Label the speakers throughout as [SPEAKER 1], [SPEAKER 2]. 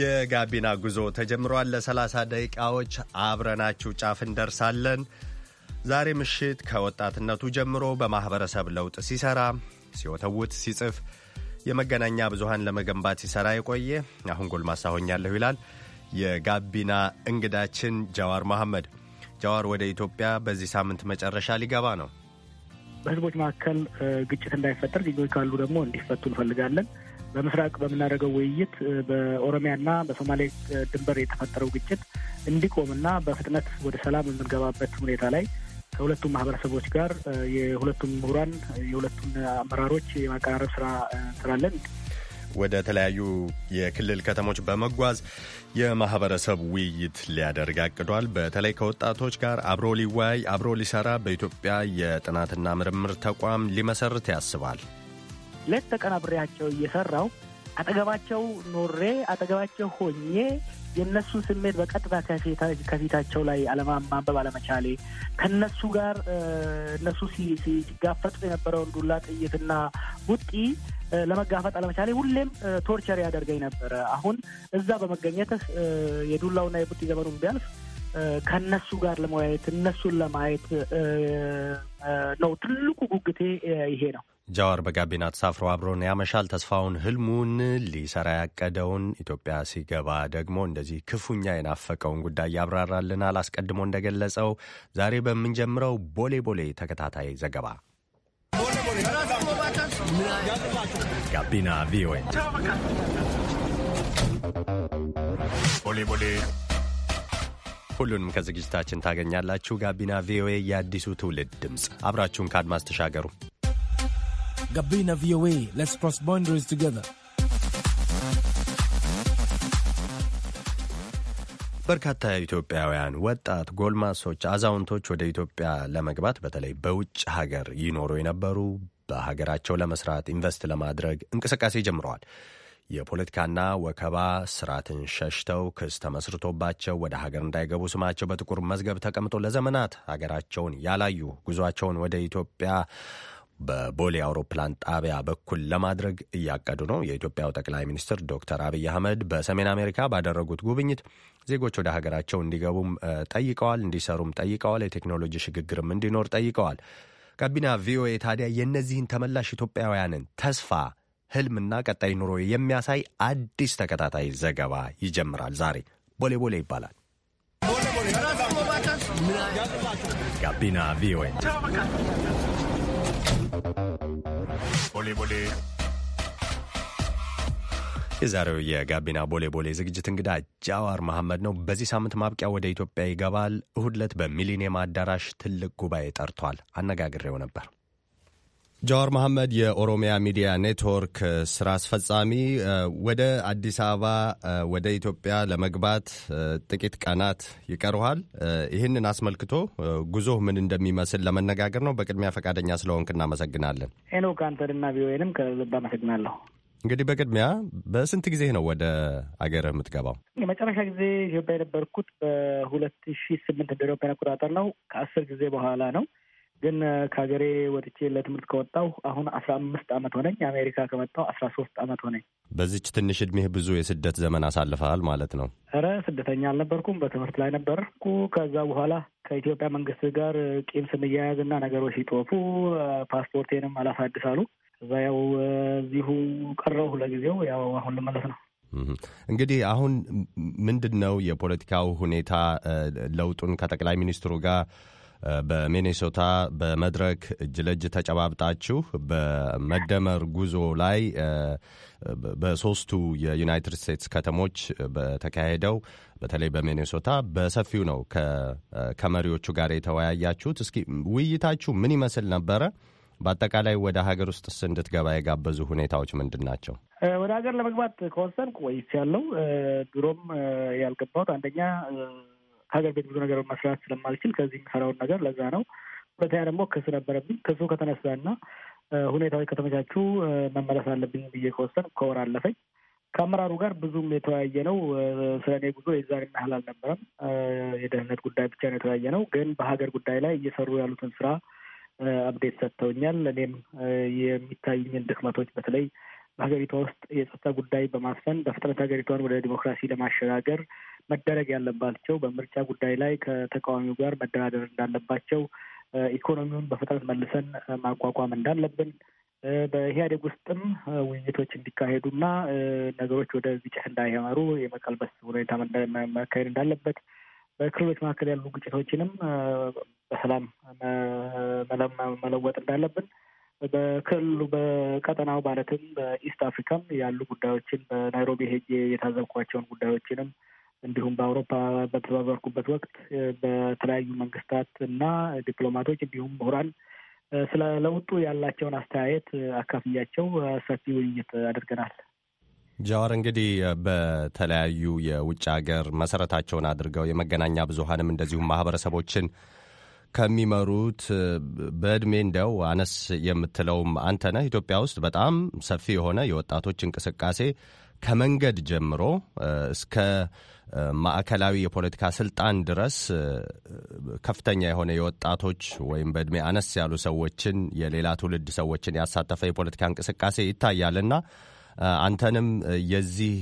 [SPEAKER 1] የጋቢና ጉዞ ተጀምሯል። ለ30 ደቂቃዎች አብረናችሁ ጫፍ እንደርሳለን። ዛሬ ምሽት ከወጣትነቱ ጀምሮ በማኅበረሰብ ለውጥ ሲሠራ፣ ሲወተውት፣ ሲጽፍ የመገናኛ ብዙሃን ለመገንባት ሲሠራ የቆየ አሁን ጎልማሳ ሆኛለሁ ይላል የጋቢና እንግዳችን ጃዋር መሐመድ። ጃዋር ወደ ኢትዮጵያ በዚህ ሳምንት መጨረሻ ሊገባ ነው።
[SPEAKER 2] በህዝቦች መካከል ግጭት እንዳይፈጠር፣ ችግሮች ካሉ ደግሞ እንዲፈቱ እንፈልጋለን። በምስራቅ በምናደርገው ውይይት በኦሮሚያና በሶማሌ ድንበር የተፈጠረው ግጭት እንዲቆምና በፍጥነት ወደ ሰላም የምንገባበት ሁኔታ ላይ ከሁለቱም ማህበረሰቦች ጋር የሁለቱም ምሁራን የሁለቱም አመራሮች የማቀራረብ ስራ እንስራለን።
[SPEAKER 1] ወደ ተለያዩ የክልል ከተሞች በመጓዝ የማህበረሰብ ውይይት ሊያደርግ አቅዷል። በተለይ ከወጣቶች ጋር አብሮ ሊወያይ አብሮ ሊሰራ በኢትዮጵያ የጥናትና ምርምር ተቋም ሊመሰርት ያስባል።
[SPEAKER 2] ሌት ተቀን አብሬያቸው እየሰራው አጠገባቸው ኖሬ አጠገባቸው ሆኜ የእነሱን ስሜት በቀጥታ ከፊታቸው ላይ ማንበብ አለመቻሌ ከእነሱ ጋር እነሱ ሲጋፈጡ የነበረውን ዱላ ጥይትና ውጢ ለመጋፈጥ አለመቻሌ ሁሌም ቶርቸር ያደርገኝ ነበረ። አሁን እዛ በመገኘትህ የዱላውና የቡጢ ዘመኑን ቢያልፍ ከነሱ ጋር ለመወያየት እነሱን ለማየት ነው ትልቁ ጉግቴ ይሄ ነው።
[SPEAKER 1] ጃዋር በጋቢና ተሳፍሮ አብሮን ያመሻል። ተስፋውን፣ ህልሙን፣ ሊሰራ ያቀደውን ኢትዮጵያ ሲገባ ደግሞ እንደዚህ ክፉኛ የናፈቀውን ጉዳይ ያብራራልናል። አስቀድሞ እንደገለጸው ዛሬ በምንጀምረው ቦሌ ቦሌ ተከታታይ ዘገባ ጋቢና ቪኦኤ ቦሌ ቦሌ ሁሉንም ከዝግጅታችን ታገኛላችሁ። ጋቢና ቪኦኤ የአዲሱ ትውልድ ድምፅ፣ አብራችሁን ከአድማስ ተሻገሩ።
[SPEAKER 2] ጋቢና ቪኦኤ ሌትስ ክሮስ ቦንደሪስ ቱጌዘር።
[SPEAKER 1] በርካታ ኢትዮጵያውያን ወጣት ጎልማሶች፣ አዛውንቶች ወደ ኢትዮጵያ ለመግባት በተለይ በውጭ ሀገር ይኖሩ የነበሩ በሀገራቸው ለመስራት ኢንቨስት ለማድረግ እንቅስቃሴ ጀምረዋል። የፖለቲካና ወከባ ስርዓትን ሸሽተው ክስ ተመስርቶባቸው ወደ ሀገር እንዳይገቡ ስማቸው በጥቁር መዝገብ ተቀምጦ ለዘመናት ሀገራቸውን ያላዩ ጉዟቸውን ወደ ኢትዮጵያ በቦሌ አውሮፕላን ጣቢያ በኩል ለማድረግ እያቀዱ ነው። የኢትዮጵያው ጠቅላይ ሚኒስትር ዶክተር አብይ አህመድ በሰሜን አሜሪካ ባደረጉት ጉብኝት ዜጎች ወደ ሀገራቸው እንዲገቡም ጠይቀዋል፣ እንዲሰሩም ጠይቀዋል፣ የቴክኖሎጂ ሽግግርም እንዲኖር ጠይቀዋል። ጋቢና ቪኦኤ ታዲያ የእነዚህን ተመላሽ ኢትዮጵያውያንን ተስፋ ህልምና ቀጣይ ኑሮ የሚያሳይ አዲስ ተከታታይ ዘገባ ይጀምራል። ዛሬ ቦሌ ቦሌ ይባላል። ጋቢና ቪኦኤ ቦሌ ቦሌ የዛሬው የጋቢና ቦሌ ቦሌ ዝግጅት እንግዳ ጃዋር መሐመድ ነው። በዚህ ሳምንት ማብቂያ ወደ ኢትዮጵያ ይገባል። እሁድ ዕለት በሚሊኒየም አዳራሽ ትልቅ ጉባኤ ጠርቷል። አነጋግሬው ነበር። ጃዋር መሐመድ የኦሮሚያ ሚዲያ ኔትወርክ ስራ አስፈጻሚ፣ ወደ አዲስ አበባ ወደ ኢትዮጵያ ለመግባት ጥቂት ቀናት ይቀርኋል። ይህንን አስመልክቶ ጉዞህ ምን እንደሚመስል ለመነጋገር ነው። በቅድሚያ ፈቃደኛ ስለሆንክ እናመሰግናለን።
[SPEAKER 2] ኖ ከአንተንና ቪኦኤንም ከልብ አመሰግናለሁ።
[SPEAKER 1] እንግዲህ በቅድሚያ በስንት ጊዜ ነው ወደ አገርህ የምትገባው?
[SPEAKER 2] የመጨረሻ ጊዜ ኢትዮጵያ የነበርኩት በሁለት ሺ ስምንት እንደ አውሮፓውያን አቆጣጠር ነው። ከአስር ጊዜ በኋላ ነው ግን ከሀገሬ ወጥቼ ለትምህርት ከወጣሁ አሁን አስራ አምስት ዓመት ሆነኝ። አሜሪካ ከመጣሁ አስራ ሶስት ዓመት ሆነኝ።
[SPEAKER 1] በዚች ትንሽ እድሜህ ብዙ የስደት ዘመን አሳልፈሃል ማለት ነው።
[SPEAKER 2] እረ ስደተኛ አልነበርኩም፣ በትምህርት ላይ ነበርኩ። ከዛ በኋላ ከኢትዮጵያ መንግስት ጋር ቂም ስንያያዝ እና ነገሮች ሲጦፉ ፓስፖርቴንም አላሳድስ አሉ። እዛ ያው እዚሁ ቀረሁ ለጊዜው። ያው አሁን ልመለስ ነው።
[SPEAKER 1] እንግዲህ አሁን ምንድን ነው የፖለቲካው ሁኔታ ለውጡን ከጠቅላይ ሚኒስትሩ ጋር በሚኔሶታ በመድረክ እጅ ለእጅ ተጨባብጣችሁ በመደመር ጉዞ ላይ በሶስቱ የዩናይትድ ስቴትስ ከተሞች በተካሄደው በተለይ በሚኔሶታ በሰፊው ነው ከመሪዎቹ ጋር የተወያያችሁት። እስኪ ውይይታችሁ ምን ይመስል ነበረ? በአጠቃላይ ወደ ሀገር ውስጥስ እንድትገባ የጋበዙ ሁኔታዎች ምንድን ናቸው?
[SPEAKER 2] ወደ ሀገር ለመግባት ከወሰን ቆይቻለሁ። ድሮም ያልገባሁት አንደኛ ከሀገር ቤት ብዙ ነገር መስራት ስለማልችል ከዚህ የሚሰራውን ነገር ለዛ ነው። ሁለተኛ ደግሞ ክስ ነበረብኝ። ክሱ ከተነሳና ሁኔታዎች ከተመቻቹ መመለስ አለብኝ ብዬ ከወሰን ከወር አለፈኝ። ከአመራሩ ጋር ብዙም የተወያየ ነው። ስለ እኔ ጉዞ የዛን ያህል አልነበረም። የደህንነት ጉዳይ ብቻ ነው የተወያየ ነው። ግን በሀገር ጉዳይ ላይ እየሰሩ ያሉትን ስራ አብዴት ሰጥተውኛል። እኔም የሚታይኝን ድክመቶች በተለይ በሀገሪቷ ውስጥ የጸጥታ ጉዳይ በማስፈን በፍጥነት ሀገሪቷን ወደ ዲሞክራሲ ለማሸጋገር መደረግ ያለባቸው በምርጫ ጉዳይ ላይ ከተቃዋሚው ጋር መደራደር እንዳለባቸው፣ ኢኮኖሚውን በፍጥነት መልሰን ማቋቋም እንዳለብን በኢህአዴግ ውስጥም ውይይቶች እንዲካሄዱ ና ነገሮች ወደ ግጭት እንዳያመሩ የመቀልበስ ሁኔታ መካሄድ እንዳለበት በክልሎች መካከል ያሉ ግጭቶችንም በሰላም መለወጥ እንዳለብን በክልሉ በቀጠናው ማለትም በኢስት አፍሪካም ያሉ ጉዳዮችን በናይሮቢ ሄጄ የታዘብኳቸውን ጉዳዮችንም እንዲሁም በአውሮፓ በተባበርኩበት ወቅት በተለያዩ መንግስታት እና ዲፕሎማቶች እንዲሁም ምሁራን ስለ ለውጡ ያላቸውን አስተያየት አካፍያቸው ሰፊ ውይይት አድርገናል።
[SPEAKER 1] ጃዋር እንግዲህ በተለያዩ የውጭ ሀገር መሰረታቸውን አድርገው የመገናኛ ብዙሀንም እንደዚሁም ማህበረሰቦችን ከሚመሩት በእድሜ እንዲያው አነስ የምትለውም አንተነህ ኢትዮጵያ ውስጥ በጣም ሰፊ የሆነ የወጣቶች እንቅስቃሴ ከመንገድ ጀምሮ እስከ ማዕከላዊ የፖለቲካ ስልጣን ድረስ ከፍተኛ የሆነ የወጣቶች ወይም በእድሜ አነስ ያሉ ሰዎችን የሌላ ትውልድ ሰዎችን ያሳተፈ የፖለቲካ እንቅስቃሴ ይታያልና አንተንም የዚህ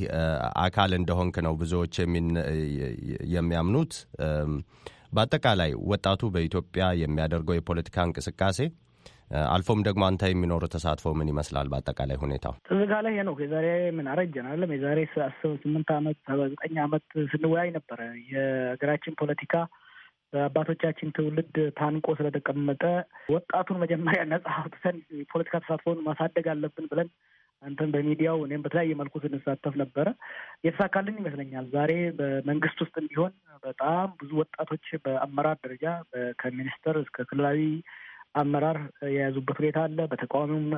[SPEAKER 1] አካል እንደሆንክ ነው ብዙዎች የሚያምኑት። በአጠቃላይ ወጣቱ በኢትዮጵያ የሚያደርገው የፖለቲካ እንቅስቃሴ አልፎም ደግሞ አንተ የሚኖሩ ተሳትፎ ምን ይመስላል? በአጠቃላይ ሁኔታው
[SPEAKER 2] ትዝጋ ላይ ነው። የዛሬ ምን አረጀን አለም የዛሬ አስር ስምንት አመት ሰባ ዘጠኝ አመት ስንወያይ ነበረ የሀገራችን ፖለቲካ በአባቶቻችን ትውልድ ታንቆ ስለተቀመጠ ወጣቱን መጀመሪያ ነጻ አውጥተን የፖለቲካ ተሳትፎን ማሳደግ አለብን ብለን አንተም በሚዲያው እኔም በተለያየ መልኩ ስንሳተፍ ነበረ። የተሳካልን ይመስለኛል። ዛሬ በመንግስት ውስጥ እንዲሆን በጣም ብዙ ወጣቶች በአመራር ደረጃ ከሚኒስትር እስከ ክልላዊ አመራር የያዙበት ሁኔታ አለ። በተቃዋሚውም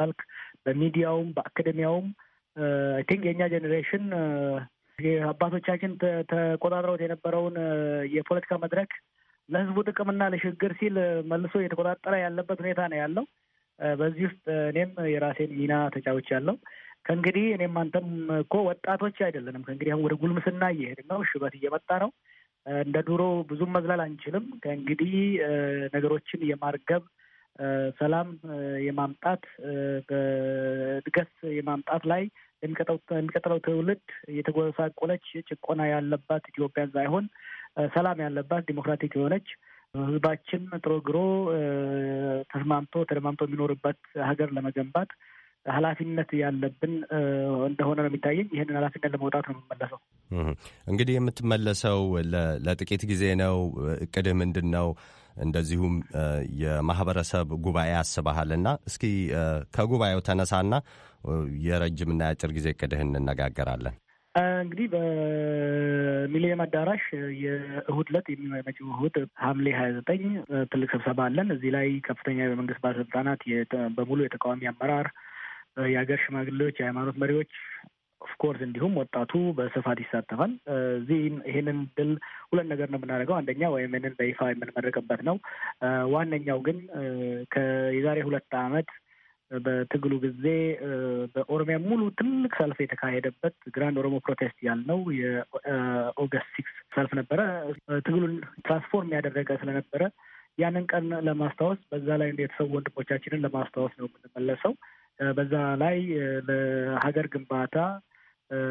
[SPEAKER 2] መልክ፣ በሚዲያውም፣ በአካደሚያውም አይ ቲንክ የእኛ ጄኔሬሽን አባቶቻችን ተቆጣጥረውት የነበረውን የፖለቲካ መድረክ ለህዝቡ ጥቅምና ለሽግግር ሲል መልሶ እየተቆጣጠረ ያለበት ሁኔታ ነው ያለው። በዚህ ውስጥ እኔም የራሴን ሚና ተጫዎች ያለው ከእንግዲህ እኔም አንተም እኮ ወጣቶች አይደለንም። ከእንግዲህ አሁን ወደ ጉልምስና እየሄድን ነው። ሽበት እየመጣ ነው። እንደ ድሮ ብዙም መዝላል አንችልም። ከእንግዲህ ነገሮችን የማርገብ ሰላም የማምጣት በእድገት የማምጣት ላይ የሚቀጥለው ትውልድ የተጎሳቆለች ጭቆና ያለባት ኢትዮጵያን ሳይሆን ሰላም ያለባት ዲሞክራቲክ የሆነች ህዝባችን ጥሮግሮ ተስማምቶ ተደማምቶ የሚኖርበት ሀገር ለመገንባት ኃላፊነት ያለብን እንደሆነ ነው የሚታየኝ። ይህንን ኃላፊነት ለመውጣት ነው የምመለሰው።
[SPEAKER 1] እንግዲህ የምትመለሰው ለጥቂት ጊዜ ነው። እቅድህ ምንድን ነው? እንደዚሁም የማህበረሰብ ጉባኤ አስበሃልና እስኪ ከጉባኤው ተነሳና የረጅምና የአጭር ጊዜ እቅድህ እንነጋገራለን።
[SPEAKER 2] እንግዲህ በሚሊኒየም አዳራሽ የእሁድ ዕለት የሚመጪው እሁድ ሐምሌ ሀያ ዘጠኝ ትልቅ ስብሰባ አለን። እዚህ ላይ ከፍተኛ የመንግስት ባለስልጣናት በሙሉ የተቃዋሚ አመራር፣ የሀገር ሽማግሌዎች፣ የሃይማኖት መሪዎች ኦፍኮርስ እንዲሁም ወጣቱ በስፋት ይሳተፋል። እዚህ ይሄንን ድል ሁለት ነገር ነው የምናደርገው። አንደኛ ወይም ይህንን በይፋ የምንመረቅበት ነው። ዋነኛው ግን የዛሬ ሁለት ዓመት በትግሉ ጊዜ በኦሮሚያ ሙሉ ትልቅ ሰልፍ የተካሄደበት ግራንድ ኦሮሞ ፕሮቴስት ያልነው የኦገስት ሲክስ ሰልፍ ነበረ። ትግሉን ትራንስፎርም ያደረገ ስለነበረ ያንን ቀን ለማስታወስ በዛ ላይ የተሰዉ ወንድሞቻችንን ለማስታወስ ነው የምንመለሰው። በዛ ላይ ለሀገር ግንባታ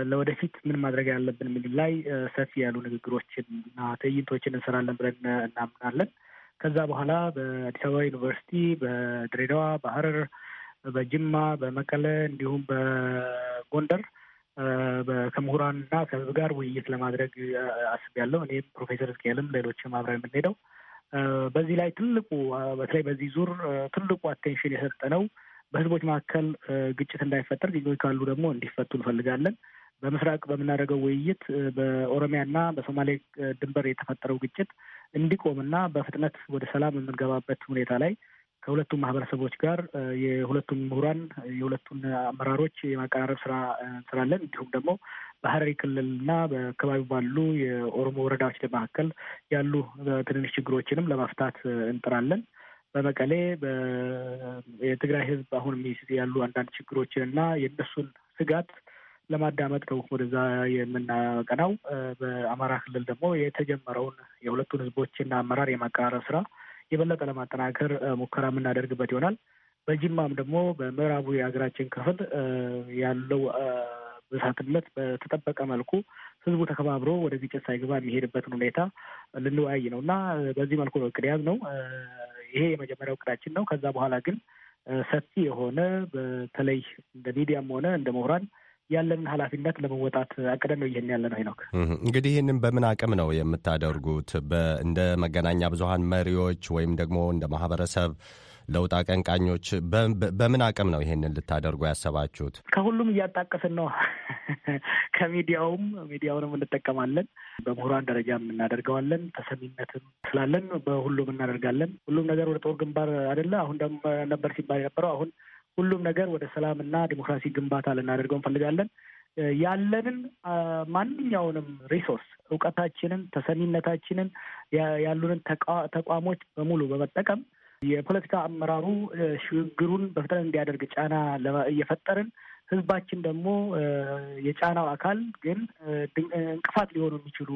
[SPEAKER 2] ለወደፊት ምን ማድረግ ያለብን የሚል ላይ ሰፊ ያሉ ንግግሮችን እና ትዕይንቶችን እንሰራለን ብለን እናምናለን። ከዛ በኋላ በአዲስ አበባ ዩኒቨርሲቲ፣ በድሬዳዋ፣ በሀረር በጅማ፣ በመቀለ እንዲሁም በጎንደር ከምሁራንና ከህዝብ ጋር ውይይት ለማድረግ አስቤያለሁ። እኔ ፕሮፌሰር እስኬልም ሌሎችም አብረን የምንሄደው በዚህ ላይ ትልቁ በተለይ በዚህ ዙር ትልቁ አቴንሽን የሰጠነው በህዝቦች መካከል ግጭት እንዳይፈጠር፣ ግጭቶች ካሉ ደግሞ እንዲፈቱ እንፈልጋለን። በምስራቅ በምናደርገው ውይይት በኦሮሚያና በሶማሌ ድንበር የተፈጠረው ግጭት እንዲቆምና በፍጥነት ወደ ሰላም የምንገባበት ሁኔታ ላይ ከሁለቱም ማህበረሰቦች ጋር የሁለቱም ምሁራን የሁለቱን አመራሮች የማቀራረብ ስራ እንስራለን። እንዲሁም ደግሞ በሀረሪ ክልልና በአካባቢው ባሉ የኦሮሞ ወረዳዎች መካከል ያሉ ትንንሽ ችግሮችንም ለማፍታት እንጥራለን። በመቀሌ የትግራይ ህዝብ አሁን ያሉ አንዳንድ ችግሮችን እና የእነሱን ስጋት ለማዳመጥ ነው ወደዛ የምናቀናው። በአማራ ክልል ደግሞ የተጀመረውን የሁለቱን ህዝቦችና አመራር የማቀራረብ ስራ የበለጠ ለማጠናከር ሙከራ የምናደርግበት ይሆናል። በጅማም ደግሞ በምዕራቡ የሀገራችን ክፍል ያለው ብሳትነት በተጠበቀ መልኩ ህዝቡ ተከባብሮ ወደ ግጭት ሳይገባ የሚሄድበትን ሁኔታ ልንወያይ ነው እና በዚህ መልኩ ነው እቅድ የያዝነው። ይሄ የመጀመሪያው እቅዳችን ነው። ከዛ በኋላ ግን ሰፊ የሆነ በተለይ እንደ ሚዲያም ሆነ እንደ ምሁራን ያለንን ኃላፊነት ለመወጣት አቅደን ነው ይህን ያለ ነው። ሄኖክ
[SPEAKER 1] እንግዲህ ይህንን በምን አቅም ነው የምታደርጉት? እንደ መገናኛ ብዙሀን መሪዎች ወይም ደግሞ እንደ ማህበረሰብ ለውጥ አቀንቃኞች በምን አቅም ነው ይሄንን ልታደርጉ ያሰባችሁት?
[SPEAKER 2] ከሁሉም እያጣቀስን ነው። ከሚዲያውም ሚዲያውንም እንጠቀማለን፣ በምሁራን ደረጃም እናደርገዋለን። ተሰሚነትም ስላለን በሁሉም እናደርጋለን። ሁሉም ነገር ወደ ጦር ግንባር አይደለ? አሁን ደግሞ ነበር ሲባል የነበረው አሁን ሁሉም ነገር ወደ ሰላምና ዲሞክራሲ ግንባታ ልናደርገው እንፈልጋለን። ያለንን ማንኛውንም ሪሶርስ እውቀታችንን፣ ተሰሚነታችንን ያሉንን ተቋሞች በሙሉ በመጠቀም የፖለቲካ አመራሩ ሽግግሩን በፍጥነት እንዲያደርግ ጫና እየፈጠርን ህዝባችን ደግሞ የጫናው አካል ግን እንቅፋት ሊሆኑ የሚችሉ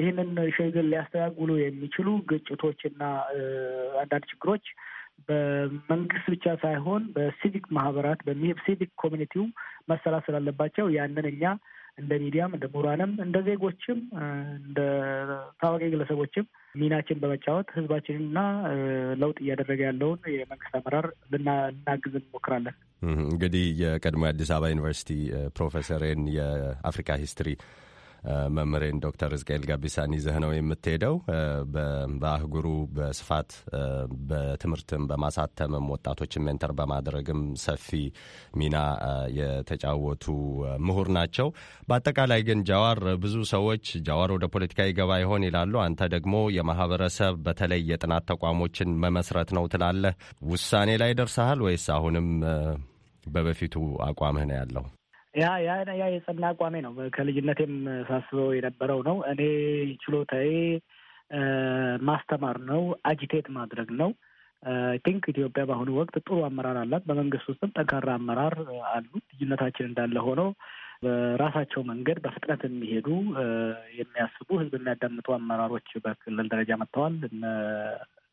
[SPEAKER 2] ይህንን ሽግግር ሊያስተጋግሉ የሚችሉ ግጭቶችና አንዳንድ ችግሮች በመንግስት ብቻ ሳይሆን በሲቪክ ማህበራት ሲቪክ ኮሚኒቲው መሰራት ስላለባቸው ያንን እኛ እንደ ሚዲያም እንደ ምሁራንም እንደ ዜጎችም እንደ ታዋቂ ግለሰቦችም ሚናችን በመጫወት ህዝባችንና ለውጥ እያደረገ ያለውን የመንግስት አመራር ልናግዝ እንሞክራለን።
[SPEAKER 1] እንግዲህ የቀድሞ የአዲስ አበባ ዩኒቨርሲቲ ፕሮፌሰርን የአፍሪካ ሂስትሪ መምሬን ዶክተር እዝቅኤል ጋቢሳን ይዘህ ነው የምትሄደው። በአህጉሩ በስፋት በትምህርትም በማሳተምም ወጣቶችን ሜንተር በማድረግም ሰፊ ሚና የተጫወቱ ምሁር ናቸው። በአጠቃላይ ግን ጃዋር ብዙ ሰዎች ጃዋር ወደ ፖለቲካ ይገባ ይሆን ይላሉ። አንተ ደግሞ የማህበረሰብ በተለይ የጥናት ተቋሞችን መመስረት ነው ትላለህ። ውሳኔ ላይ ደርሰሃል ወይስ አሁንም በበፊቱ አቋምህ ነው ያለው?
[SPEAKER 2] ያ ያ ያ የጸና አቋሜ ነው። ከልጅነቴም ሳስበው የነበረው ነው። እኔ ችሎታዬ ማስተማር ነው፣ አጂቴት ማድረግ ነው። አይ ቲንክ ኢትዮጵያ በአሁኑ ወቅት ጥሩ አመራር አላት። በመንግስት ውስጥም ጠንካራ አመራር አሉ። ልዩነታችን እንዳለ ሆነው በራሳቸው መንገድ በፍጥነት የሚሄዱ የሚያስቡ ህዝብ የሚያዳምጡ አመራሮች በክልል ደረጃ መጥተዋል።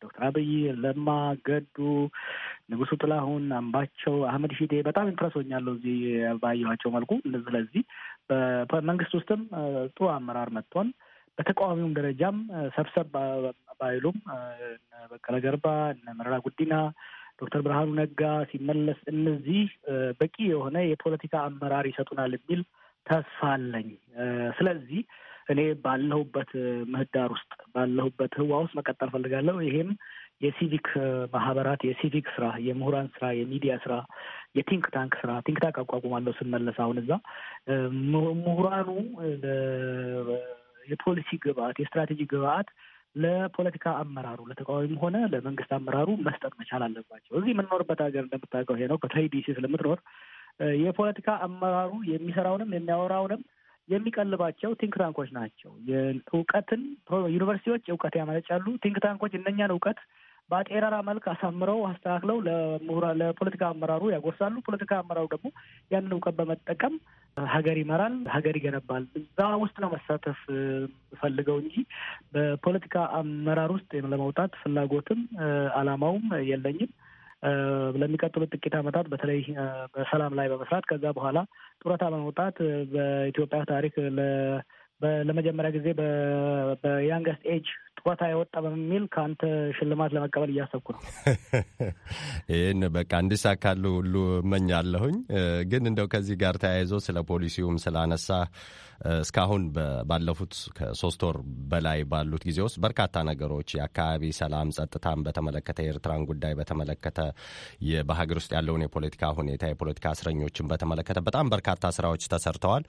[SPEAKER 2] ዶክተር አብይ፣ ለማ ገዱ፣ ንጉሱ ጥላሁን፣ አምባቸው፣ አህመድ ሺዴ በጣም ኢምፕረስ እዚህ ባየኋቸው መልኩ። ስለዚህ በመንግስት ውስጥም ጥሩ አመራር መጥቷል። በተቃዋሚውም ደረጃም ሰብሰብ ባይሉም በቀለ ገርባ፣ እነ መረራ ጉዲና፣ ዶክተር ብርሃኑ ነጋ ሲመለስ እነዚህ በቂ የሆነ የፖለቲካ አመራር ይሰጡናል የሚል ተስፋ አለኝ። ስለዚህ እኔ ባለሁበት ምህዳር ውስጥ ባለሁበት ህዋ ውስጥ መቀጠል ፈልጋለሁ። ይሄም የሲቪክ ማህበራት የሲቪክ ስራ፣ የምሁራን ስራ፣ የሚዲያ ስራ፣ የቲንክ ታንክ ስራ ቲንክ ታንክ አቋቁማለሁ ስመለስ አሁን እዛ ምሁራኑ የፖሊሲ ግብአት የስትራቴጂ ግብአት ለፖለቲካ አመራሩ ለተቃዋሚም ሆነ ለመንግስት አመራሩ መስጠት መቻል አለባቸው። እዚህ የምንኖርበት ሀገር እንደምታውቀው ይሄ ነው። ከትሬዲሲ ስለምትኖር የፖለቲካ አመራሩ የሚሰራውንም የሚያወራውንም የሚቀልባቸው ቲንክ ታንኮች ናቸው። እውቀትን ዩኒቨርሲቲዎች እውቀት ያመነጫሉ። ቲንክ ታንኮች እነኛን እውቀት በአጤራራ መልክ አሳምረው አስተካክለው ለፖለቲካ አመራሩ ያጎርሳሉ። ፖለቲካ አመራሩ ደግሞ ያንን እውቀት በመጠቀም ሀገር ይመራል፣ ሀገር ይገነባል። እዛ ውስጥ ነው መሳተፍ ፈልገው እንጂ በፖለቲካ አመራር ውስጥ ለመውጣት ፍላጎትም አላማውም የለኝም። ለሚቀጥሉት ጥቂት ዓመታት በተለይ በሰላም ላይ በመስራት ከዛ በኋላ ጡረታ በመውጣት በኢትዮጵያ ታሪክ ለመጀመሪያ ጊዜ በያንገስት ኤጅ ጨዋታ የወጣ በሚል ከአንተ ሽልማት ለመቀበል እያሰብኩ ነው።
[SPEAKER 1] ይህን በቃ እንዲሳካሉ ሁሉ እመኛለሁኝ። ግን እንደው ከዚህ ጋር ተያይዞ ስለ ፖሊሲውም ስላነሳ እስካሁን ባለፉት ከሶስት ወር በላይ ባሉት ጊዜ ውስጥ በርካታ ነገሮች የአካባቢ ሰላም ጸጥታን በተመለከተ የኤርትራን ጉዳይ በተመለከተ በሀገር ውስጥ ያለውን የፖለቲካ ሁኔታ የፖለቲካ እስረኞችን በተመለከተ በጣም በርካታ ስራዎች ተሰርተዋል።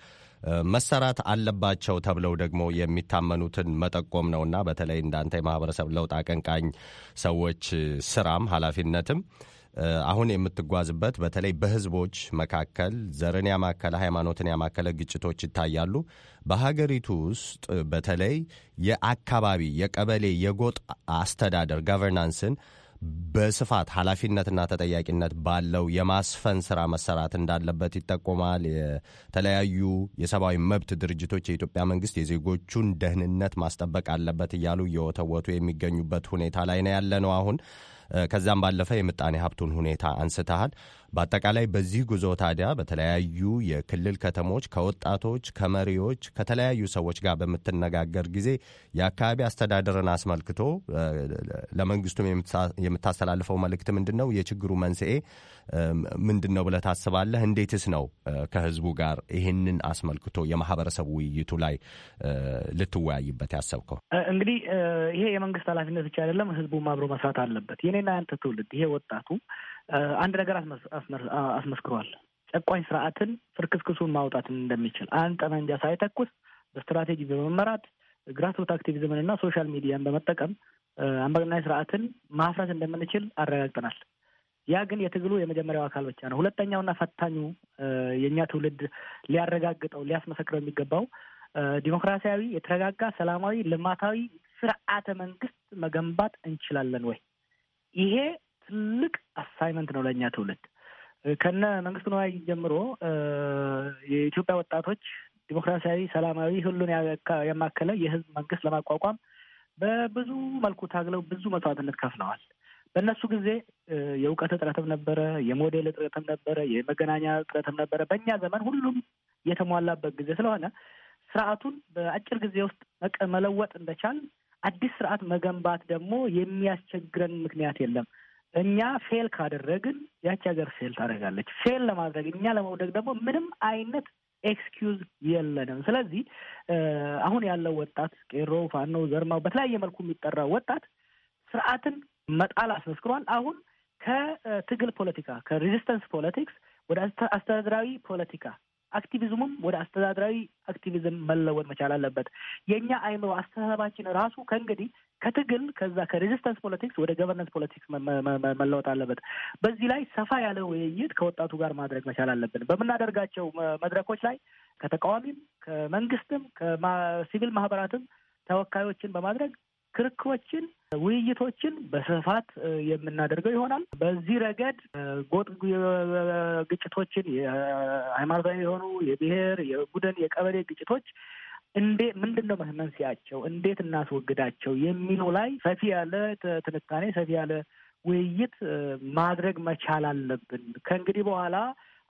[SPEAKER 1] መሰራት አለባቸው ተብለው ደግሞ የሚታመኑትን መጠቆም ነውና በተለይ እንዳንተ የማህበረሰብ ለውጥ አቀንቃኝ ሰዎች ስራም ኃላፊነትም አሁን የምትጓዝበት በተለይ በህዝቦች መካከል ዘርን ያማከለ ሃይማኖትን ያማከለ ግጭቶች ይታያሉ። በሀገሪቱ ውስጥ በተለይ የአካባቢ የቀበሌ የጎጥ አስተዳደር ጋቨርናንስን በስፋት ኃላፊነትና ተጠያቂነት ባለው የማስፈን ስራ መሰራት እንዳለበት ይጠቆማል። የተለያዩ የሰብአዊ መብት ድርጅቶች የኢትዮጵያ መንግስት የዜጎቹን ደህንነት ማስጠበቅ አለበት እያሉ እየወተወቱ የሚገኙበት ሁኔታ ላይ ነው ያለ ነው አሁን። ከዛም ባለፈ የምጣኔ ሀብቱን ሁኔታ አንስተሃል። በአጠቃላይ በዚህ ጉዞ ታዲያ በተለያዩ የክልል ከተሞች ከወጣቶች፣ ከመሪዎች፣ ከተለያዩ ሰዎች ጋር በምትነጋገር ጊዜ የአካባቢ አስተዳደርን አስመልክቶ ለመንግስቱም የምታስተላልፈው መልእክት ምንድን ነው? የችግሩ መንስኤ ምንድን ነው ብለህ ታስባለህ? እንዴትስ ነው ከህዝቡ ጋር ይህንን አስመልክቶ የማህበረሰቡ ውይይቱ ላይ ልትወያይበት ያሰብከው?
[SPEAKER 2] እንግዲህ ይሄ የመንግስት ኃላፊነት ብቻ አይደለም፣ ህዝቡም አብሮ መስራት አለበት። የኔና ያንተ ትውልድ ይሄ ወጣቱ አንድ ነገር አስመስክሯል። ጨቋኝ ስርዓትን ፍርክስክሱን ማውጣት እንደሚችል አንድ ጠመንጃ ሳይተኩስ በስትራቴጂ በመመራት አክቲቪዝምን እና ሶሻል ሚዲያን በመጠቀም አምባገነናዊ ስርዓትን ማፍረስ እንደምንችል አረጋግጠናል። ያ ግን የትግሉ የመጀመሪያው አካል ብቻ ነው። ሁለተኛውና ፈታኙ የእኛ ትውልድ ሊያረጋግጠው ሊያስመሰክረው የሚገባው ዲሞክራሲያዊ፣ የተረጋጋ፣ ሰላማዊ፣ ልማታዊ ስርዓተ መንግስት መገንባት እንችላለን ወይ? ይሄ ትልቅ አሳይመንት ነው ለእኛ ትውልድ። ከነ መንግስቱ ነዋይ ጀምሮ የኢትዮጵያ ወጣቶች ዲሞክራሲያዊ፣ ሰላማዊ፣ ሁሉን ያማከለ የህዝብ መንግስት ለማቋቋም በብዙ መልኩ ታግለው ብዙ መስዋዕትነት ከፍለዋል። በእነሱ ጊዜ የእውቀት እጥረትም ነበረ፣ የሞዴል እጥረትም ነበረ፣ የመገናኛ እጥረትም ነበረ። በእኛ ዘመን ሁሉም የተሟላበት ጊዜ ስለሆነ ስርዓቱን በአጭር ጊዜ ውስጥ መለወጥ እንደቻል አዲስ ስርዓት መገንባት ደግሞ የሚያስቸግረን ምክንያት የለም። እኛ ፌል ካደረግን ያቺ ሀገር ፌል ታደርጋለች። ፌል ለማድረግ እኛ ለመውደቅ ደግሞ ምንም አይነት ኤክስኪዩዝ የለንም። ስለዚህ አሁን ያለው ወጣት ቄሮ፣ ፋኖ፣ ዘርማው በተለያየ መልኩ የሚጠራው ወጣት ስርዓትን መጣል አስመስክሯል። አሁን ከትግል ፖለቲካ ከሬዚስተንስ ፖለቲክስ ወደ አስተዳደራዊ ፖለቲካ አክቲቪዝሙም ወደ አስተዳደራዊ አክቲቪዝም መለወጥ መቻል አለበት። የእኛ አይምሮ አስተሳሰባችን ራሱ ከእንግዲህ ከትግል ከዛ ከሬዚስተንስ ፖለቲክስ ወደ ገቨርነንስ ፖለቲክስ መለወጥ አለበት። በዚህ ላይ ሰፋ ያለ ውይይት ከወጣቱ ጋር ማድረግ መቻል አለብን። በምናደርጋቸው መድረኮች ላይ ከተቃዋሚም፣ ከመንግስትም፣ ከሲቪል ማህበራትም ተወካዮችን በማድረግ ክርክሮችን፣ ውይይቶችን በስፋት የምናደርገው ይሆናል። በዚህ ረገድ ጎጥ ግጭቶችን፣ የሃይማኖታዊ የሆኑ የብሔር፣ የቡድን፣ የቀበሌ ግጭቶች እንዴ ምንድን ነው መንስኤያቸው፣ እንዴት እናስወግዳቸው የሚለው ላይ ሰፊ ያለ ትንታኔ ሰፊ ያለ ውይይት ማድረግ መቻል አለብን። ከእንግዲህ በኋላ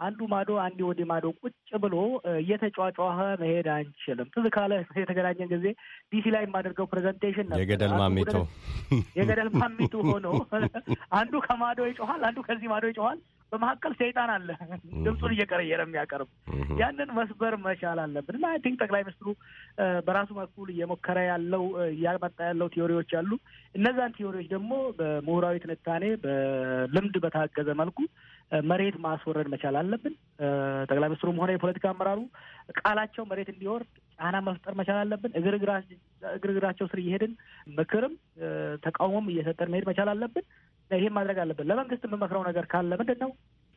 [SPEAKER 2] አንዱ ማዶ አንዴ ወዲህ ማዶ ቁጭ ብሎ እየተጫጫኸ መሄድ አንችልም። ትዝ ካለ የተገናኘን ጊዜ ዲሲ ላይ የማደርገው ፕሬዘንቴሽን ነበር። የገደል ማሚቱ የገደል ማሚቱ ሆኖ አንዱ ከማዶ ይጮኋል፣ አንዱ ከዚህ ማዶ ይጮኋል፣ በመካከል ሰይጣን አለ ድምፁን እየቀረየረ የሚያቀርብ ያንን መስበር መቻል አለብን እና አይ ቲንክ ጠቅላይ ሚኒስትሩ በራሱ በኩል እየሞከረ ያለው እያመጣ ያለው ቲዎሪዎች አሉ። እነዛን ቲዎሪዎች ደግሞ በምሁራዊ ትንታኔ በልምድ በታገዘ መልኩ መሬት ማስወረድ መቻል አለብን። ጠቅላይ ሚኒስትሩም ሆነ የፖለቲካ አመራሩ ቃላቸው መሬት እንዲወርድ ጫና መፍጠር መቻል አለብን። እግር እግራቸው ስር እየሄድን ምክርም ተቃውሞም እየሰጠን መሄድ መቻል አለብን። ይሄን ማድረግ አለብን። ለመንግስት የምመክረው ነገር ካለ ምንድን ነው?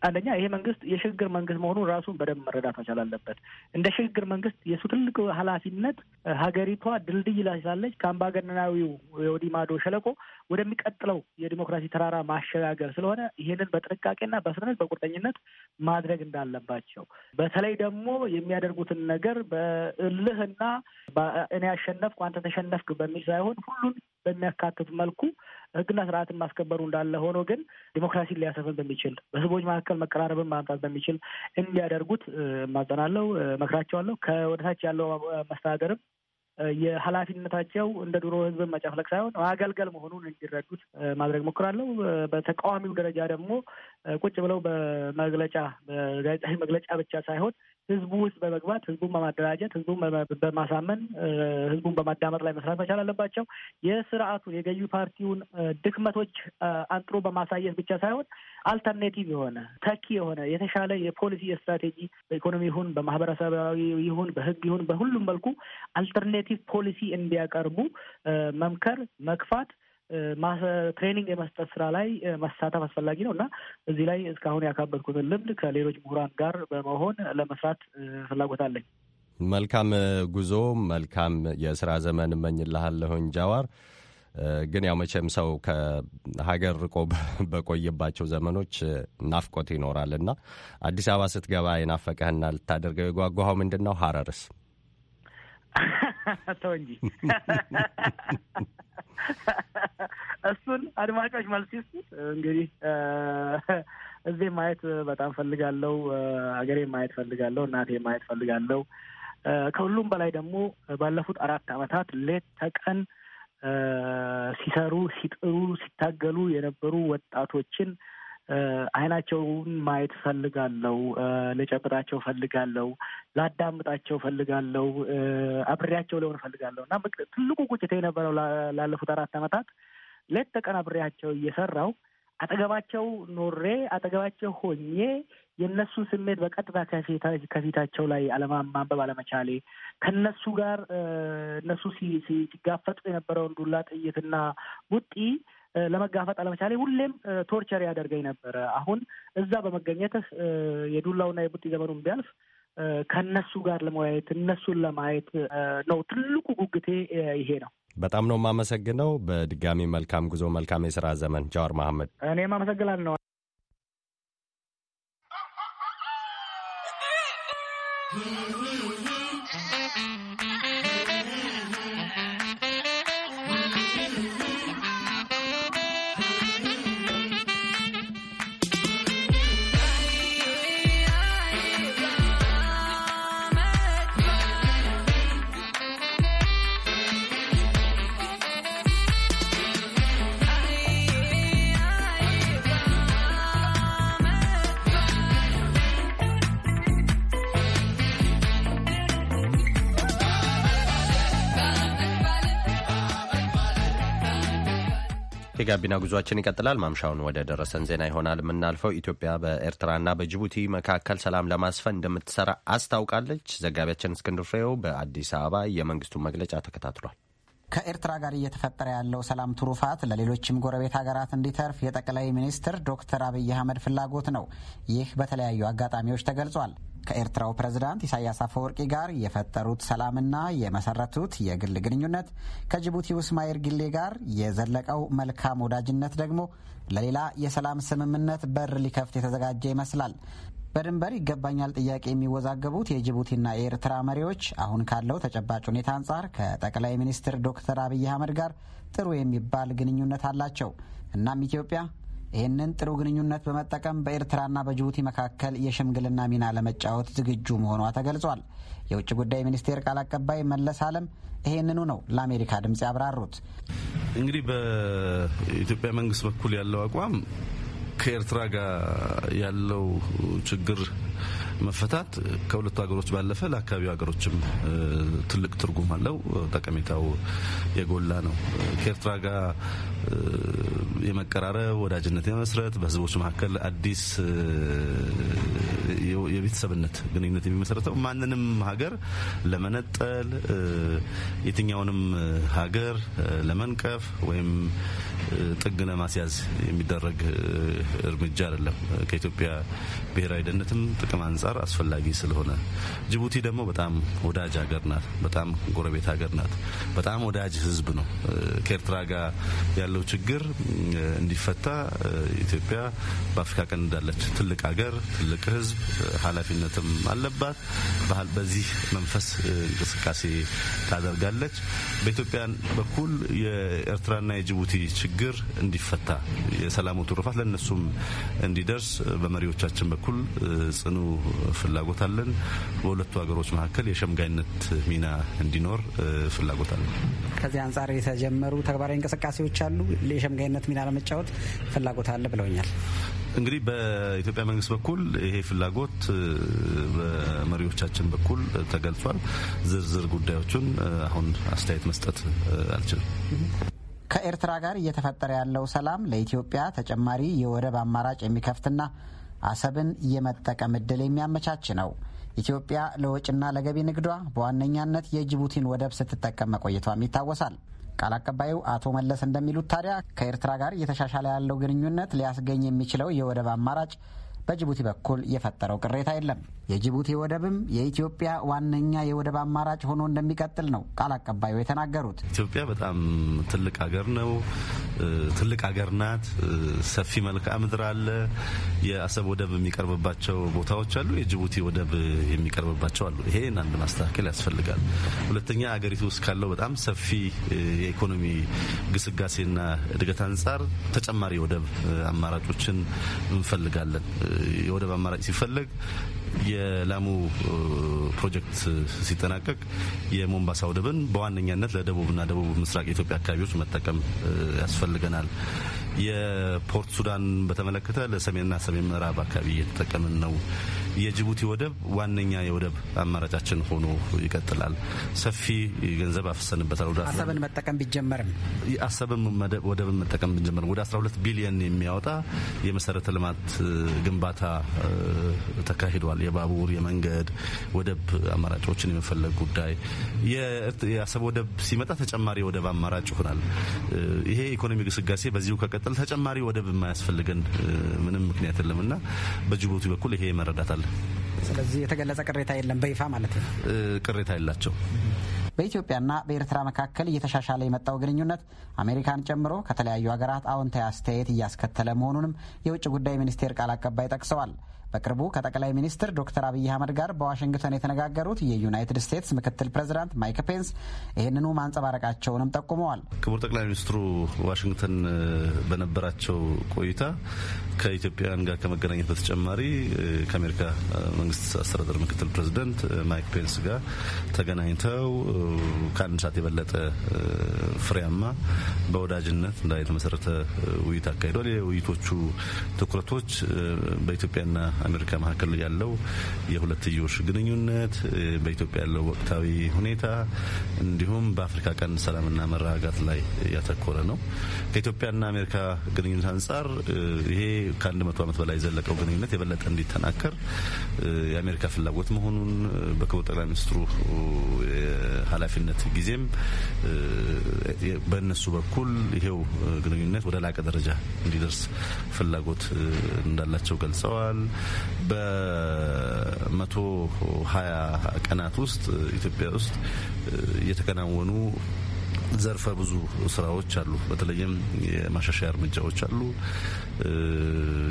[SPEAKER 2] አንደኛ ይሄ መንግስት የሽግግር መንግስት መሆኑን ራሱን በደንብ መረዳት መቻል አለበት። እንደ ሽግግር መንግስት የእሱ ትልቅ ኃላፊነት ሀገሪቷ ድልድይ ላይ ስላለች ከአምባገነናዊው የወዲህ ማዶ ሸለቆ ወደሚቀጥለው የዲሞክራሲ ተራራ ማሸጋገር ስለሆነ ይሄንን በጥንቃቄና በፍጥነት በቁርጠኝነት ማድረግ እንዳለባቸው፣ በተለይ ደግሞ የሚያደርጉትን ነገር በእልህና እኔ ያሸነፍኩ አንተ ተሸነፍክ በሚል ሳይሆን ሁሉን በሚያካትት መልኩ ህግና ስርዓትን ማስከበሩ እንዳለ ሆኖ ግን ዲሞክራሲን ሊያሰፍን በሚችል በህዝቦች መካከል መቀራረብን ማምጣት በሚችል እንዲያደርጉት ማጠናለው መክራቸዋለሁ። ከወደታች ያለው መስተዳደርም የኃላፊነታቸው እንደ ድሮ ህዝብን መጨፍለቅ ሳይሆን ማገልገል መሆኑን እንዲረዱት ማድረግ ሞክራለሁ። በተቃዋሚው ደረጃ ደግሞ ቁጭ ብለው በመግለጫ በጋዜጣዊ መግለጫ ብቻ ሳይሆን ህዝቡ ውስጥ በመግባት ህዝቡን በማደራጀት ህዝቡን በማሳመን ህዝቡን በማዳመጥ ላይ መስራት መቻል አለባቸው። የስርዓቱን የገዢ ፓርቲውን ድክመቶች አንጥሮ በማሳየት ብቻ ሳይሆን አልተርኔቲቭ የሆነ ተኪ የሆነ የተሻለ የፖሊሲ የስትራቴጂ በኢኮኖሚ ይሁን በማህበረሰባዊ ይሁን በህግ ይሁን በሁሉም መልኩ አልተርኔቲቭ ፖሊሲ እንዲያቀርቡ መምከር፣ መግፋት ትሬኒንግ የመስጠት ስራ ላይ መሳተፍ አስፈላጊ ነው እና እዚህ ላይ እስካሁን ያካበድኩትን ልምድ ከሌሎች ምሁራን ጋር በመሆን ለመስራት ፍላጎት አለኝ።
[SPEAKER 1] መልካም ጉዞ፣ መልካም የስራ ዘመን እመኝልሃለሁኝ ጃዋር። ግን ያው መቼም ሰው ከሀገር ርቆ በቆየባቸው ዘመኖች ናፍቆት እና አዲስ አበባ ስትገባ የናፈቀህና ልታደርገው የጓጓኸው ምንድን ነው? ሀረርስ
[SPEAKER 2] ተው እንጂ እሱን አድማጮች መልስ እንግዲህ እዚህ ማየት በጣም ፈልጋለው፣ ሀገሬ ማየት ፈልጋለው፣ እናቴ ማየት ፈልጋለው። ከሁሉም በላይ ደግሞ ባለፉት አራት አመታት ሌት ተቀን ሲሰሩ፣ ሲጥሩ፣ ሲታገሉ የነበሩ ወጣቶችን አይናቸውን ማየት ፈልጋለው፣ ልጨብጣቸው ፈልጋለው፣ ላዳምጣቸው ፈልጋለው፣ አብሬያቸው ለሆን ፈልጋለሁ እና ትልቁ ቁጭቴ የነበረው ላለፉት አራት ዓመታት ሌት ተቀን አብሬያቸው እየሰራው አጠገባቸው ኖሬ አጠገባቸው ሆኜ የእነሱን ስሜት በቀጥታ ከፊታቸው ላይ አለማንበብ አለመቻሌ ከእነሱ ጋር እነሱ ሲጋፈጡ የነበረውን ዱላ ጥይትና ቡጢ ለመጋፈጥ አለመቻሌ ሁሌም ቶርቸር ያደርገኝ ነበረ። አሁን እዛ በመገኘትህ የዱላውና የቡጢ ዘመኑን ቢያልፍ ከነሱ ጋር ለመወያየት እነሱን ለማየት ነው ትልቁ ጉጉቴ ይሄ ነው።
[SPEAKER 1] በጣም ነው የማመሰግነው። በድጋሚ መልካም ጉዞ፣ መልካም የስራ ዘመን። ጃዋር መሐመድ
[SPEAKER 2] እኔም አመሰግናለሁ። ነው
[SPEAKER 1] የጋቢና ጉዟችን ይቀጥላል። ማምሻውን ወደ ደረሰን ዜና ይሆናል የምናልፈው። ኢትዮጵያ በኤርትራና በጅቡቲ መካከል ሰላም ለማስፈን እንደምትሰራ አስታውቃለች። ዘጋቢያችን እስክንድር ፍሬው በአዲስ አበባ የመንግስቱን መግለጫ ተከታትሏል።
[SPEAKER 3] ከኤርትራ ጋር እየተፈጠረ ያለው ሰላም ትሩፋት ለሌሎችም ጎረቤት ሀገራት እንዲተርፍ የጠቅላይ ሚኒስትር ዶክተር አብይ አህመድ ፍላጎት ነው። ይህ በተለያዩ አጋጣሚዎች ተገልጿል። ከኤርትራው ፕሬዝዳንት ኢሳያስ አፈወርቂ ጋር የፈጠሩት ሰላምና የመሰረቱት የግል ግንኙነት ከጅቡቲው እስማኤል ጊሌ ጋር የዘለቀው መልካም ወዳጅነት ደግሞ ለሌላ የሰላም ስምምነት በር ሊከፍት የተዘጋጀ ይመስላል። በድንበር ይገባኛል ጥያቄ የሚወዛገቡት የጅቡቲና የኤርትራ መሪዎች አሁን ካለው ተጨባጭ ሁኔታ አንጻር ከጠቅላይ ሚኒስትር ዶክተር አብይ አህመድ ጋር ጥሩ የሚባል ግንኙነት አላቸው። እናም ኢትዮጵያ ይህንን ጥሩ ግንኙነት በመጠቀም በኤርትራና በጅቡቲ መካከል የሽምግልና ሚና ለመጫወት ዝግጁ መሆኗ ተገልጿል። የውጭ ጉዳይ ሚኒስቴር ቃል አቀባይ መለስ አለም ይህንኑ ነው ለአሜሪካ ድምፅ ያብራሩት።
[SPEAKER 4] እንግዲህ በኢትዮጵያ መንግስት በኩል ያለው አቋም ከኤርትራ ጋር ያለው ችግር መፈታት ከሁለቱ ሀገሮች ባለፈ ለአካባቢው ሀገሮችም ትልቅ ትርጉም አለው። ጠቀሜታው የጎላ ነው። ከኤርትራ ጋር የመቀራረብ ወዳጅነት የመስረት በህዝቦች መካከል አዲስ የቤተሰብነት ግንኙነት የሚመሰረተው ማንንም ሀገር ለመነጠል የትኛውንም ሀገር ለመንቀፍ ወይም ጥግ ለማስያዝ የሚደረግ እርምጃ አይደለም። ከኢትዮጵያ ብሔራዊ ደህንነትም ጥቅም አንጻር አንጻር አስፈላጊ ስለሆነ ጅቡቲ ደግሞ በጣም ወዳጅ ሀገር ናት። በጣም ጎረቤት ሀገር ናት። በጣም ወዳጅ ህዝብ ነው። ከኤርትራ ጋር ያለው ችግር እንዲፈታ ኢትዮጵያ በአፍሪካ ቀን እንዳለች ትልቅ ሀገር ትልቅ ህዝብ ኃላፊነትም አለባት። በዚህ መንፈስ እንቅስቃሴ ታደርጋለች። በኢትዮጵያ በኩል የኤርትራና የጅቡቲ ችግር እንዲፈታ የሰላሙ ትሩፋት ለእነሱም እንዲደርስ በመሪዎቻችን በኩል ጽኑ ፍላጎት አለን። በሁለቱ ሀገሮች መካከል የሸምጋይነት ሚና እንዲኖር ፍላጎት አለን።
[SPEAKER 3] ከዚህ አንጻር የተጀመሩ ተግባራዊ እንቅስቃሴዎች አሉ። የሸምጋይነት ሚና ለመጫወት ፍላጎት አለ ብለውኛል።
[SPEAKER 4] እንግዲህ በኢትዮጵያ መንግስት በኩል ይሄ ፍላጎት በመሪዎቻችን በኩል ተገልጿል። ዝርዝር ጉዳዮችን አሁን አስተያየት መስጠት አልችልም።
[SPEAKER 3] ከኤርትራ ጋር እየተፈጠረ ያለው ሰላም ለኢትዮጵያ ተጨማሪ የወደብ አማራጭ የሚከፍትና አሰብን የመጠቀም እድል የሚያመቻች ነው። ኢትዮጵያ ለወጭና ለገቢ ንግዷ በዋነኛነት የጅቡቲን ወደብ ስትጠቀም መቆየቷም ይታወሳል። ቃል አቀባዩ አቶ መለስ እንደሚሉት ታዲያ ከኤርትራ ጋር እየተሻሻለ ያለው ግንኙነት ሊያስገኝ የሚችለው የወደብ አማራጭ በጅቡቲ በኩል የፈጠረው ቅሬታ የለም። የጅቡቲ ወደብም የኢትዮጵያ ዋነኛ የወደብ አማራጭ ሆኖ እንደሚቀጥል ነው ቃል አቀባዩ የተናገሩት።
[SPEAKER 4] ኢትዮጵያ በጣም ትልቅ ሀገር ነው። ትልቅ ሀገር ናት። ሰፊ መልክዓ ምድር አለ። የአሰብ ወደብ የሚቀርብባቸው ቦታዎች አሉ። የጅቡቲ ወደብ የሚቀርብባቸው አሉ። ይሄን አንድ ማስተካከል ያስፈልጋል። ሁለተኛ ሀገሪቱ ውስጥ ካለው በጣም ሰፊ የኢኮኖሚ ግስጋሴና እድገት አንጻር ተጨማሪ ወደብ አማራጮችን እንፈልጋለን። የወደብ አማራጭ ሲፈለግ የላሙ ፕሮጀክት ሲጠናቀቅ የሞምባሳ ወደብን በዋነኛነት ለደቡብና ደቡብ ምስራቅ የኢትዮጵያ አካባቢዎች መጠቀም ያስፈልገናል። የፖርት ሱዳን በተመለከተ ለሰሜንና ሰሜን ምዕራብ አካባቢ እየተጠቀምን ነው። የጅቡቲ ወደብ ዋነኛ የወደብ አማራጫችን ሆኖ ይቀጥላል። ሰፊ ገንዘብ አፍሰንበታል። አሰብን
[SPEAKER 3] መጠቀም ቢጀመርም
[SPEAKER 4] አሰብን ወደብን መጠቀም ቢጀመርም ወደ 12 ቢሊዮን የሚያወጣ የመሰረተ ልማት ግንባታ ተካሂዷል። የባቡር፣ የመንገድ፣ ወደብ አማራጮችን የመፈለግ ጉዳይ የአሰብ ወደብ ሲመጣ ተጨማሪ የወደብ አማራጭ ይሆናል። ይሄ ኢኮኖሚ ግስጋሴ በዚሁ ከቀጥ በመቀጠል ተጨማሪ ወደብ የማያስፈልገን ምንም ምክንያት የለም እና በጅቡቲ በኩል ይሄ መረዳት አለ።
[SPEAKER 3] ስለዚህ የተገለጸ ቅሬታ የለም በይፋ ማለት ነው።
[SPEAKER 4] ቅሬታ የላቸው።
[SPEAKER 3] በኢትዮጵያና በኤርትራ መካከል እየተሻሻለ የመጣው ግንኙነት አሜሪካን ጨምሮ ከተለያዩ ሀገራት አዎንታዊ አስተያየት እያስከተለ መሆኑንም የውጭ ጉዳይ ሚኒስቴር ቃል አቀባይ ጠቅሰዋል። በቅርቡ ከጠቅላይ ሚኒስትር ዶክተር አብይ አህመድ ጋር በዋሽንግተን የተነጋገሩት የዩናይትድ ስቴትስ ምክትል ፕሬዚዳንት ማይክ ፔንስ ይህንኑ ማንጸባረቃቸውንም ጠቁመዋል።
[SPEAKER 4] ክቡር ጠቅላይ ሚኒስትሩ ዋሽንግተን በነበራቸው ቆይታ ከኢትዮጵያውያን ጋር ከመገናኘት በተጨማሪ ከአሜሪካ መንግስት አስተዳደር ምክትል ፕሬዚደንት ማይክ ፔንስ ጋር ተገናኝተው ከአንድ ሰዓት የበለጠ ፍሬያማ በወዳጅነት ላይ የተመሰረተ ውይይት አካሂዷል። የውይይቶቹ ትኩረቶች በኢትዮጵያና አሜሪካ መካከል ያለው የሁለትዮሽ ግንኙነት፣ በኢትዮጵያ ያለው ወቅታዊ ሁኔታ እንዲሁም በአፍሪካ ቀን ሰላምና መረጋጋት ላይ ያተኮረ ነው። ከኢትዮጵያና አሜሪካ ግንኙነት አንጻር ይሄ ከአንድ መቶ ዓመት በላይ የዘለቀው ግንኙነት የበለጠ እንዲተናከር የአሜሪካ ፍላጎት መሆኑን በክቡር ጠቅላይ ሚኒስትሩ ኃላፊነት ጊዜም በእነሱ በኩል ይሄው ግንኙነት ወደ ላቀ ደረጃ እንዲደርስ ፍላጎት እንዳላቸው ገልጸዋል። በመቶ ሀያ ቀናት ውስጥ ኢትዮጵያ ውስጥ የተከናወኑ ዘርፈ ብዙ ስራዎች አሉ። በተለይም የማሻሻያ እርምጃዎች አሉ።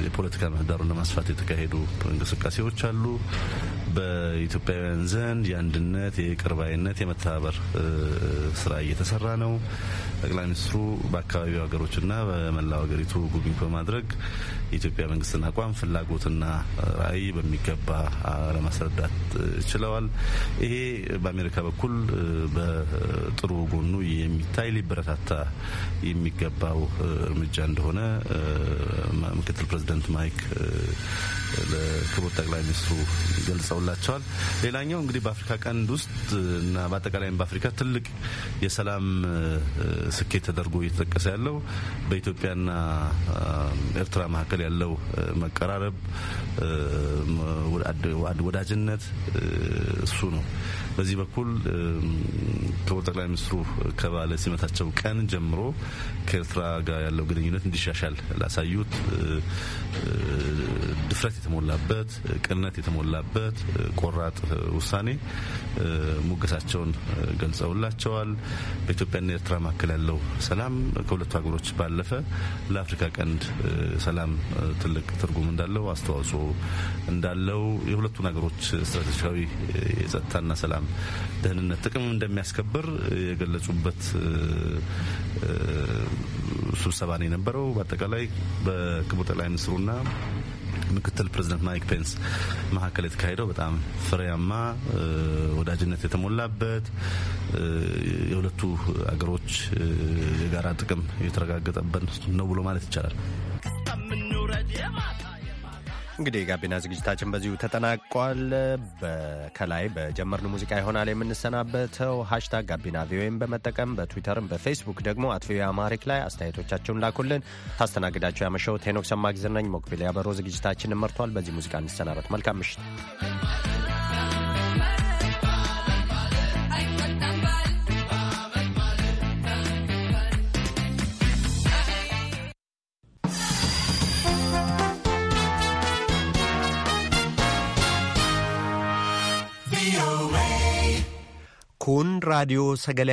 [SPEAKER 4] የፖለቲካ ምህዳሩን ለማስፋት የተካሄዱ እንቅስቃሴዎች አሉ። በኢትዮጵያውያን ዘንድ የአንድነት፣ የቅርባይነት፣ የመተባበር ስራ እየተሰራ ነው። ጠቅላይ ሚኒስትሩ በአካባቢው ሀገሮችና በመላው ሀገሪቱ ጉብኝት በማድረግ የኢትዮጵያ መንግስትን አቋም ፍላጎትና ራዕይ በሚገባ ለማስረዳት ችለዋል። ይሄ በአሜሪካ በኩል በጥሩ ጎኑ የሚታይ ሊበረታታ የሚገባው እርምጃ እንደሆነ ምክትል ፕሬዚደንት ማይክ ለክቡር ጠቅላይ ሚኒስትሩ ገልጸው ተፈጥሮላቸዋል። ሌላኛው እንግዲህ በአፍሪካ ቀንድ ውስጥ እና በአጠቃላይም በአፍሪካ ትልቅ የሰላም ስኬት ተደርጎ እየተጠቀሰ ያለው በኢትዮጵያና ኤርትራ መካከል ያለው መቀራረብ፣ ወዳጅነት እሱ ነው። በዚህ በኩል ክቡር ጠቅላይ ሚኒስትሩ ከባለ ሲመታቸው ቀን ጀምሮ ከኤርትራ ጋር ያለው ግንኙነት እንዲሻሻል ላሳዩት ድፍረት የተሞላበት ቅንነት የተሞላበት ቆራጥ ውሳኔ ሙገሳቸውን ገልጸውላቸዋል። በኢትዮጵያና ኤርትራ መካከል ያለው ሰላም ከሁለቱ ሀገሮች ባለፈ ለአፍሪካ ቀንድ ሰላም ትልቅ ትርጉም እንዳለው አስተዋጽኦ እንዳለው የሁለቱን ሀገሮች ስትራቴጂካዊ የጸጥታና ሰላም ደህንነት ጥቅም እንደሚያስከብር የገለጹበት ስብሰባ ነው የነበረው። በአጠቃላይ በክቡር ጠቅላይ ሚኒስትሩና ምክትል ፕሬዚደንት ማይክ ፔንስ መካከል የተካሄደው በጣም ፍሬያማ ወዳጅነት የተሞላበት የሁለቱ አገሮች የጋራ ጥቅም የተረጋገጠበት ነው ብሎ ማለት ይቻላል።
[SPEAKER 1] እንግዲህ የጋቢና ዝግጅታችን በዚሁ ተጠናቋል። ከላይ በጀመርነው ሙዚቃ ይሆናል የምንሰናበተው። ሀሽታግ ጋቢና ቪኦኤም በመጠቀም በትዊተርም በፌስቡክ ደግሞ አት ቪኦኤ አማሪክ ላይ አስተያየቶቻችሁን ላኩልን። ታስተናግዳቸው ያመሸው ሄኖክ ሰማግዝር ነኝ። ሞክቢል ያበሮ ዝግጅታችንን መርቷል። በዚህ ሙዚቃ እንሰናበት። መልካም ምሽት።
[SPEAKER 2] คุณราดิโอสกเล